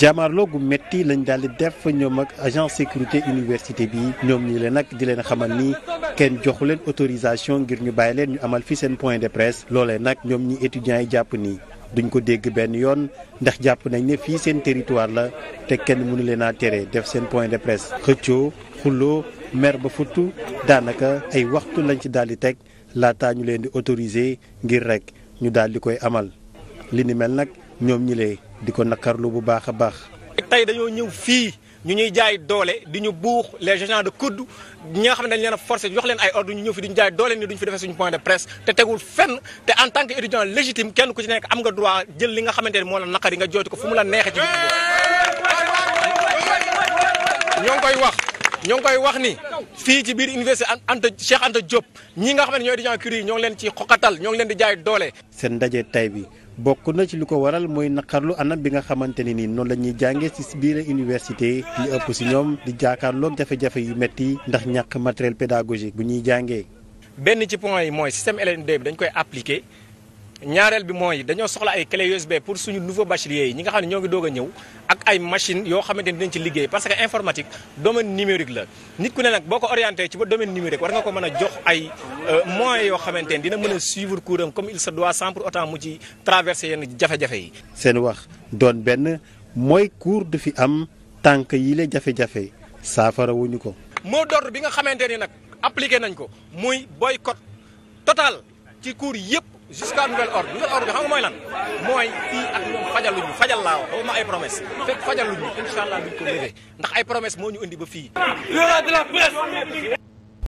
jaamaarloo gu métti lañ daal di def ñoom ak agent sécurité université bi ñoom ñi leen nag di leen xamal ni kenn joxu leen autorisation ngir ñu bàyyi leen ñu amal fi seen point de presse loolee nag ñoom ñi étudiants yi jàpp nii duñ ko dégg benn yoon ndax jàpp nañ ne fii seen territoire la te kenn mënu leen a tere def seen point de presse xëccoo xuloo mer ba futtu daanaka ay waxtu lañ ci daal di teg laataa ñu leen di autoriser ngir rek ñu daal di koy amal li nag ñoom ñi lee di ko nakarlu bu baax a baax. tey dañoo ñëw fii ñu ñuy jaay doole di ñu buux les agents de COUD ñi nga xam ne dañ leen a forcé leen ay ordre ñu ñëw fi di ñu jaay doole ni duñ fi defee suñu point de presse te tegul fenn te en ku ci nekk am nga droit jël nga xamante ne moo la naqari nga jooti ko fu mu la neexee ci ñoo ngi koy wax ñoo ngi koy wax ni fii ci biir université Anta Cheikh Anta Diop ñi nga xam ne ñooy étudiant curie yi ñoo ngi leen ci xoqatal ñoo ngi leen di jaay doole. seen ndaje tay bi bokk na ci lu ko waral mooy naqarlu anam bi nga xamante ni nii noonu la ñuy jàngee ci biir université li ëpp ci ñoom di jaakaarloog jafe-jafe yu metti ndax ñàkk matériel pédagogique bu ñuy jàngee. benn ci point yi mooy système LND bi dañ koy appliquer. ñaareel bi mooy dañoo soxla ay clé USB pour suñu nouveau bachelier yi ñi nga xam ne ñoo ngi doog a ñëw ak ay machine yoo xamante ni dañ ci liggéey parce que informatique domaine numérique la nit ku ne nag boo ko orienté ci ba domaine numérique war nga ko mën a jox ay euh, moyens yoo xamante ni dina mën a suivre couram comme il se doit sans pour autant mu ci traverser yenn jafe-jafe yi seen wax doon benn mooy cours du fi am tànk yi la jafe-jafe saafara wuñu ko mot bi nga xamante ni nag appliqué nañ ko muy boycott total ci cours yëpp jusqu'à nouvel ordre nouvel ordre bi xam nga mooy lan mooy fii ak ñoom fajaluñu fajal laa wax ay promesse fekk fajaluñu incha allah duñ ko lëgee ndax ay promesse moo ñu indi ba fii.